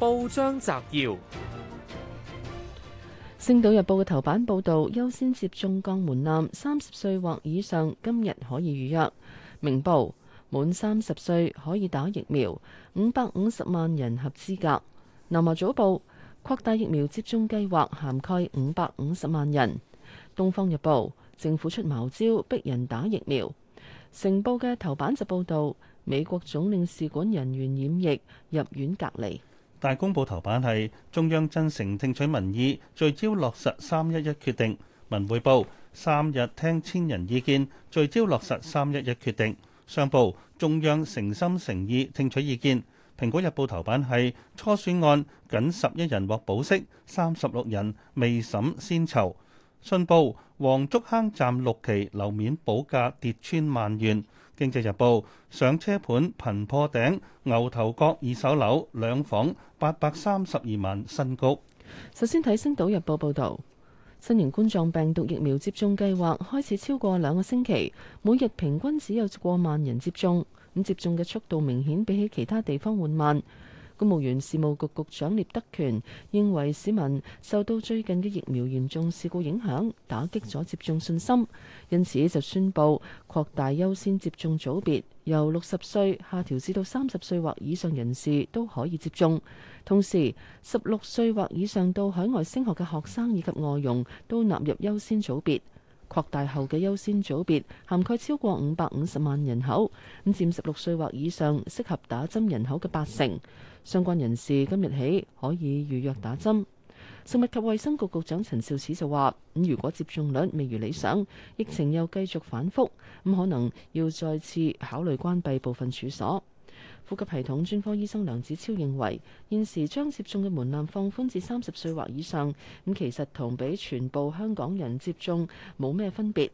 報章摘要：《星島日報》嘅頭版報道優先接種降門檻三十歲或以上，今日可以預約。《明報》滿三十歲可以打疫苗，五百五十萬人合資格。《南華早報》擴大疫苗接種計劃，涵蓋五百五十萬人。《東方日報》政府出茅招逼人打疫苗。《成報》嘅頭版就報道美國總領事館人員染疫入院隔離。大公報頭版係中央真誠聽取民意，聚焦落實三一一決定；文匯報三日聽千人意見，聚焦落實三一一決定。商報中央誠心誠意聽取意見。蘋果日報頭版係初選案僅十一人獲保釋，三十六人未審先囚。信報黃竹坑站六期樓面補價跌穿萬元。《經濟日報》上車盤頻破頂，牛頭角二手樓兩房八百三十二萬新高。首先睇《星島日報》報導，新型冠狀病毒疫苗接種計劃開始超過兩個星期，每日平均只有過萬人接種，咁接種嘅速度明顯比起其他地方緩慢。公務員事務局局長聶德權認為，市民受到最近嘅疫苗嚴重事故影響，打擊咗接種信心，因此就宣布擴大優先接種組別，由六十歲下調至到三十歲或以上人士都可以接種。同時，十六歲或以上到海外升學嘅學生以及外傭都納入優先組別。擴大後嘅優先組別涵蓋超過五百五十萬人口，咁佔十六歲或以上適合打針人口嘅八成。相關人士今日起可以預約打針。食物及衛生局局長陳肇始就話：咁如果接種率未如理想，疫情又繼續反覆，咁可能要再次考慮關閉部分處所。呼吸系統專科醫生梁子超認為，現時將接種嘅門檻放寬至三十歲或以上，咁其實同畀全部香港人接種冇咩分別。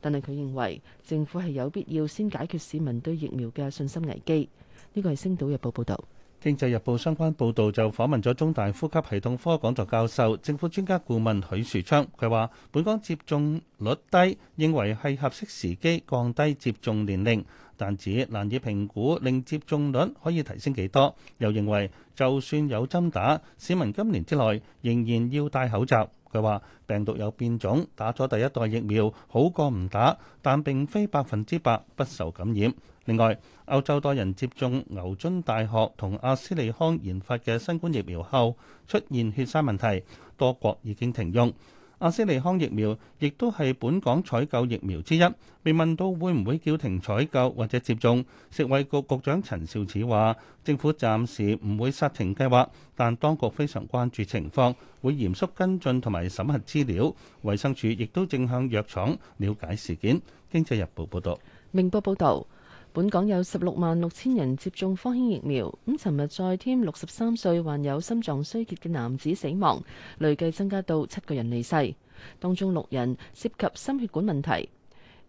但係佢認為政府係有必要先解決市民對疫苗嘅信心危機。呢個係星島日報報導。經濟日報相關報導就訪問咗中大呼吸系統科講座教授、政府專家顧問許樹昌，佢話：本港接種率低，認為係合適時機降低接種年齡，但指難以評估令接種率可以提升幾多。又認為就算有針打，市民今年之內仍然要戴口罩。佢話病毒有變種，打咗第一代疫苗好過唔打，但並非百分之百不受感染。另外，歐洲多人接種牛津大學同阿斯利康研發嘅新冠疫苗後出現血栓問題，多國已經停用阿斯利康疫苗，亦都係本港採購疫苗之一。被問到會唔會叫停採購或者接種，食衛局局長陳肇始話：政府暫時唔會煞停計劃，但當局非常關注情況，會嚴肅跟進同埋審核資料。衛生署亦都正向藥廠了解事件。經濟日報報道。明報報導。本港有十六萬六千人接種科興疫苗，咁尋日再添六十三歲患有心臟衰竭嘅男子死亡，累計增加到七個人離世，當中六人涉及心血管問題。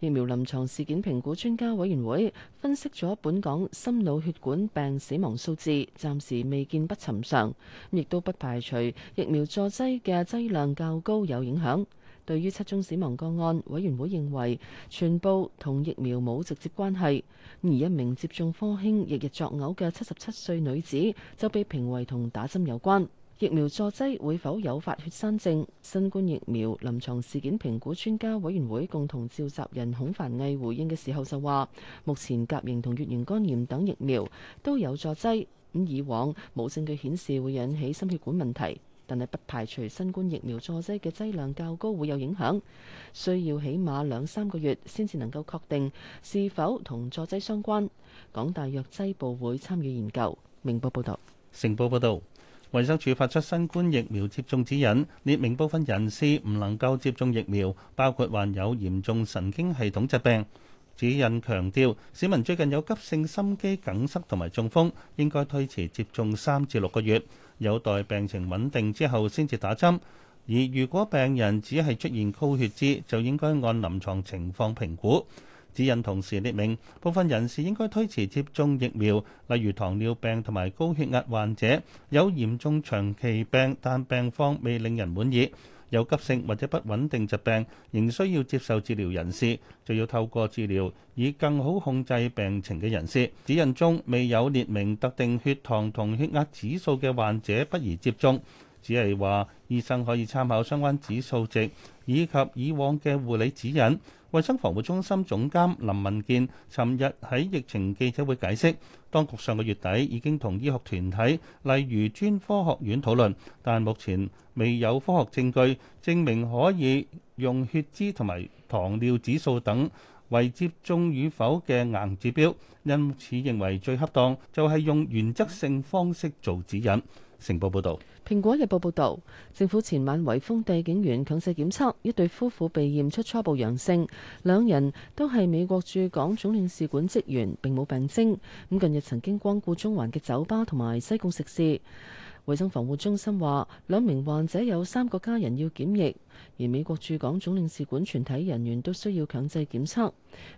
疫苗臨床事件評估專家委員會分析咗本港心腦血管病死亡數字，暫時未見不尋常，亦都不排除疫苗助劑嘅劑量較高有影響。對於七宗死亡個案，委員會認為全部同疫苗冇直接關係，而一名接種科興日日作嘔嘅七十七歲女子就被評為同打針有關。疫苗助劑會否誘發血栓症？新冠疫苗臨床事件評估專家委員會共同召集人孔凡毅回應嘅時候就話：目前甲型同乙型肝炎等疫苗都有助劑，咁以往冇證據顯示會引起心血管問題。但係不排除新冠疫苗助劑嘅劑量較高會有影響，需要起碼兩三個月先至能夠確定是否同助劑相關。港大藥劑部會參與研究。明報報道，成報報道，衞生署發出新冠疫苗接種指引，列明部分人士唔能夠接種疫苗，包括患有嚴重神經系統疾病。指引強調，市民最近有急性心肌梗塞同埋中風，應該推遲接種三至六個月，有待病情穩定之後先至打針。而如果病人只係出現高血脂，就應該按臨床情況評估。指引同時列明，部分人士應該推遲接種疫苗，例如糖尿病同埋高血壓患者，有嚴重長期病，但病況未令人滿意。有急性或者不穩定疾病，仍需要接受治療人士，就要透過治療，以更好控制病情嘅人士。指引中未有列明特定血糖同血壓指數嘅患者，不宜接種。只係話醫生可以參考相關指數值以及以往嘅護理指引。衞生防護中心總監林文健尋日喺疫情記者會解釋，當局上個月底已經同醫學團體例如專科學院討論，但目前未有科學證據證明可以用血脂同埋糖尿指數等為接種與否嘅硬指標，因此認為最恰當就係用原則性方式做指引。成報報道。《蘋果日報》報導，政府前晚為封圍封地警員強制檢測，一對夫婦被驗出初步陽性，兩人都係美國駐港總領事館職員，並冇病徵。咁近日曾經光顧中環嘅酒吧同埋西貢食肆。衛生防護中心話，兩名患者有三個家人要檢疫，而美國駐港總領事館全體人員都需要強制檢測。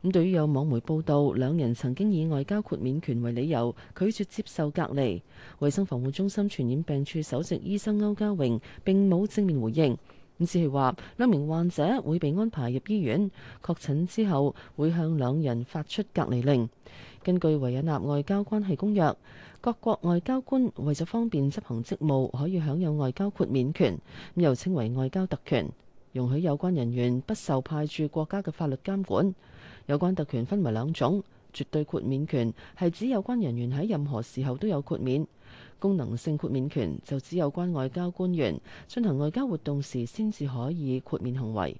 咁對於有網媒報道，兩人曾經以外交豁免權為理由拒絕接受隔離。衛生防護中心傳染病處首席醫生歐家榮並冇正面回應。咁只係話兩名患者會被安排入醫院，確診之後會向兩人發出隔離令。根據維也納外交關係公約，各國外交官為咗方便執行職務，可以享有外交豁免權，咁又稱為外交特權，容許有關人員不受派駐國家嘅法律監管。有關特權分為兩種，絕對豁免權係指有關人員喺任何時候都有豁免。功能性豁免權就只有關外交官員進行外交活動時，先至可以豁免行為。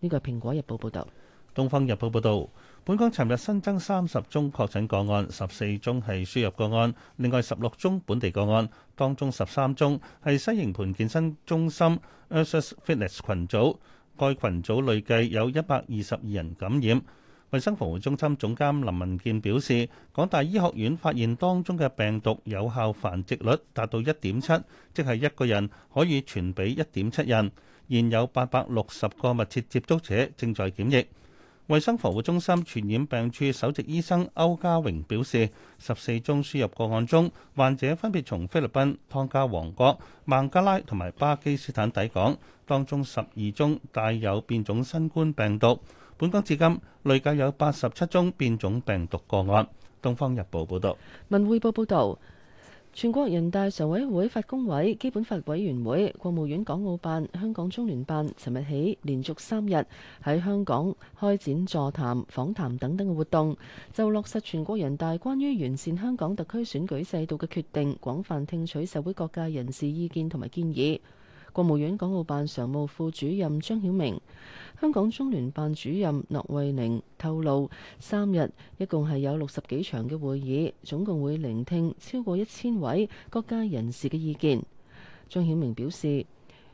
呢個係《蘋果日報》報導，《東方日報》報導，本港尋日新增三十宗確診個案，十四宗係輸入個案，另外十六宗本地個案，當中十三宗係西營盤健身中心 Ursus Fitness 群組，該群組累計有一百二十二人感染。衞生防護中心總監林文健表示，港大醫學院發現當中嘅病毒有效繁殖率達到一點七，即係一個人可以傳俾一點七人。現有八百六十個密切接觸者正在檢疫。衞生防護中心傳染病處首席醫生歐家榮表示，十四宗輸入個案中，患者分別從菲律賓、湯加王國、孟加拉同埋巴基斯坦抵港，當中十二宗帶有變種新冠病毒。本港至今累計有八十七宗變種病毒個案。《東方日報》報道，《文匯報》報道，全國人大常委會法工委基本法委員會、國務院港澳辦、香港中聯辦，尋日起連續三日喺香港開展座談、訪談等等嘅活動，就落實全國人大關於完善香港特區選舉制度嘅決定，廣泛聽取社會各界人士意見同埋建議。國務院港澳辦常務副主任張曉明、香港中聯辦主任駱惠寧透露，三日一共係有六十幾場嘅會議，總共會聆聽超過一千位各界人士嘅意見。張曉明表示，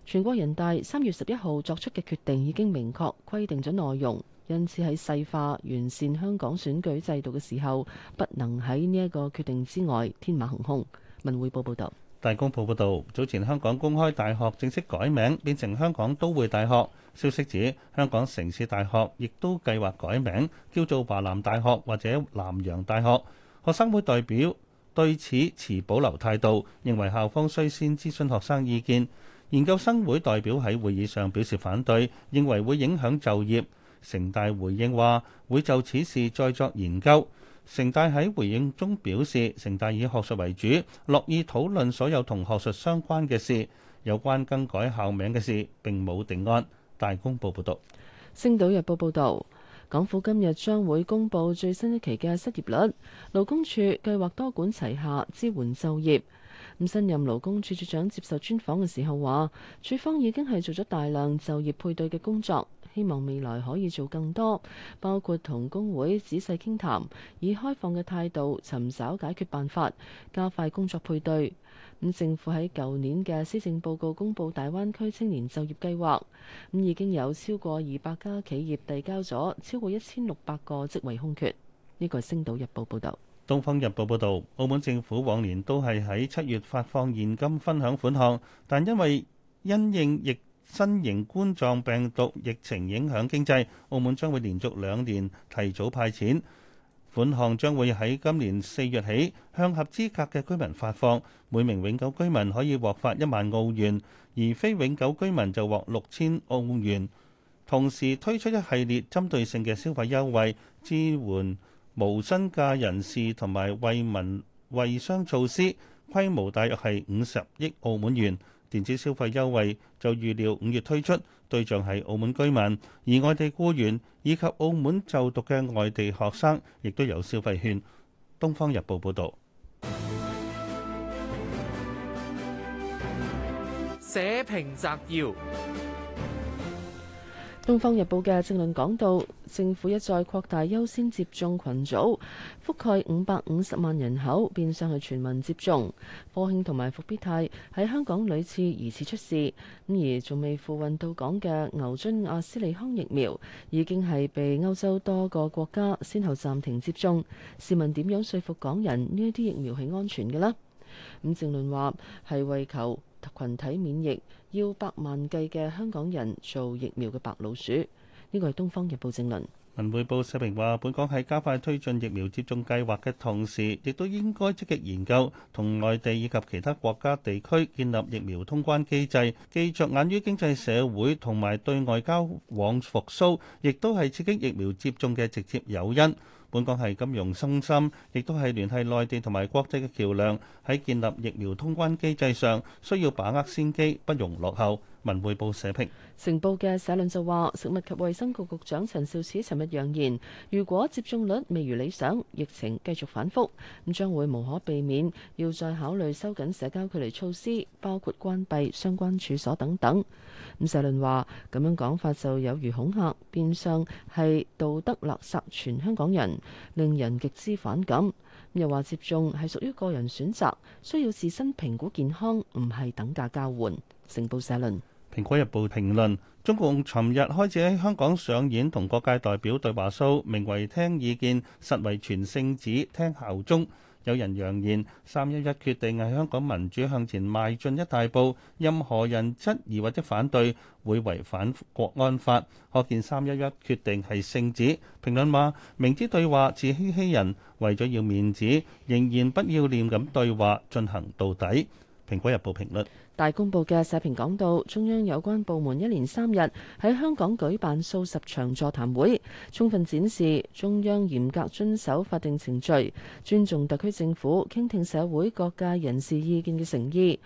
全國人大三月十一號作出嘅決定已經明確規定咗內容，因此喺細化完善香港選舉制度嘅時候，不能喺呢一個決定之外天馬行空。文匯報報道。大公報報導，早前香港公開大學正式改名，變成香港都會大學。消息指，香港城市大學亦都計劃改名，叫做華南大學或者南洋大學。學生會代表對此持保留態度，認為校方須先諮詢學生意見。研究生會代表喺會議上表示反對，認為會影響就業。城大回應話，會就此事再作研究。成大喺回應中表示，成大以學術為主，樂意討論所有同學術相關嘅事。有關更改校名嘅事並冇定案。大公報報道。星島日報報道，港府今日將會公佈最新一期嘅失業率。勞工處計劃多管齊下支援就業，咁新任勞工處處長接受專訪嘅時候話，處方已經係做咗大量就業配對嘅工作。希望未來可以做更多，包括同工會仔細傾談，以開放嘅態度尋找解決辦法，加快工作配對。咁政府喺舊年嘅施政報告公布大灣區青年就業計劃，咁已經有超過二百家企業遞交咗超過一千六百個職位空缺。呢個係《星島日報》報導，《東方日報》報導，澳門政府往年都係喺七月發放現金分享款項，但因為因應疫新型冠狀病毒疫情影響經濟，澳門將會連續兩年提早派錢，款項將會喺今年四月起向合資格嘅居民發放，每名永久居民可以獲發一萬澳元，而非永久居民就獲六千澳元。同時推出一系列針對性嘅消費優惠、支援無薪假人士同埋惠民惠商措施，規模大約係五十億澳門元。電子消費優惠就預料五月推出，對象係澳門居民，而外地僱員以及澳門就讀嘅外地學生亦都有消費券。《東方日報》報導。社評摘要。《東方日報》嘅政論講到，政府一再擴大優先接種群組，覆蓋五百五十萬人口，變相係全民接種。科興同埋復必泰喺香港屢次疑似出事，咁而仲未付運到港嘅牛津阿斯利康疫苗，已經係被歐洲多個國家先後暫停接種。試問點樣説服港人呢一啲疫苗係安全嘅呢？咁政論話係為求群體免疫，要百萬計嘅香港人做疫苗嘅白老鼠，呢個係東方日報正論。文匯報社評話，本港喺加快推進疫苗接種計劃嘅同時，亦都應該積極研究同內地以及其他國家地區建立疫苗通關機制。既著眼於經濟社會同埋對外交往復甦，亦都係刺激疫苗接種嘅直接誘因。本港係金融中心，亦都係聯繫內地同埋國際嘅橋梁，喺建立疫苗通關機制上，需要把握先機，不容落後。文匯報社評。成報嘅社論就話：食物及衛生局局長陳肇始尋日揚言，如果接種率未如理想，疫情繼續反覆，咁將會無可避免要再考慮收緊社交距離措施，包括關閉相關處所等等。咁社論話咁樣講法就有如恐嚇，變相係道德垃圾，全香港人令人極之反感。咁又話接種係屬於個人選擇，需要自身評估健康，唔係等價交換。成報社論。《蘋果日報》評論：中共尋日開始喺香港上演同各界代表對話 show，名為聽意見，實為傳聖旨、聽效忠。有人揚言三一一決定係香港民主向前邁進一大步，任何人質疑或者反對會違反國安法。可見三一一決定係聖旨，評論話明知對話自欺欺人，為咗要面子，仍然不要臉咁對話進行到底。《蘋果日報》評論大公報嘅社評講到，中央有關部門一連三日喺香港舉辦數十場座談會，充分展示中央嚴格遵守法定程序、尊重特區政府、傾聽社會各界人士意見嘅誠意。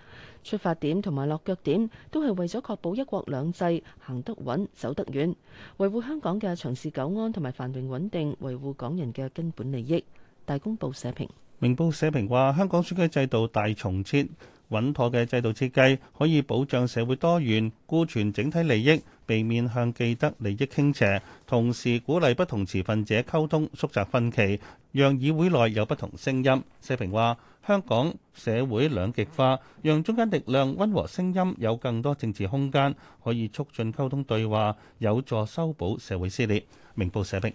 出發點同埋落腳點都係為咗確保一國兩制行得穩、走得遠，維護香港嘅長治久安同埋繁榮穩定，維護港人嘅根本利益。大公報社評，《明報社評》社評話，香港選舉制度大重設。穩妥嘅制度設計可以保障社會多元，顧全整體利益，避免向既得利益傾斜，同時鼓勵不同持份者溝通，縮窄分歧，讓議會內有不同聲音。社評話：香港社會兩極化，讓中間力量溫和聲音有更多政治空間，可以促進溝通對話，有助修補社會撕裂。明報社評。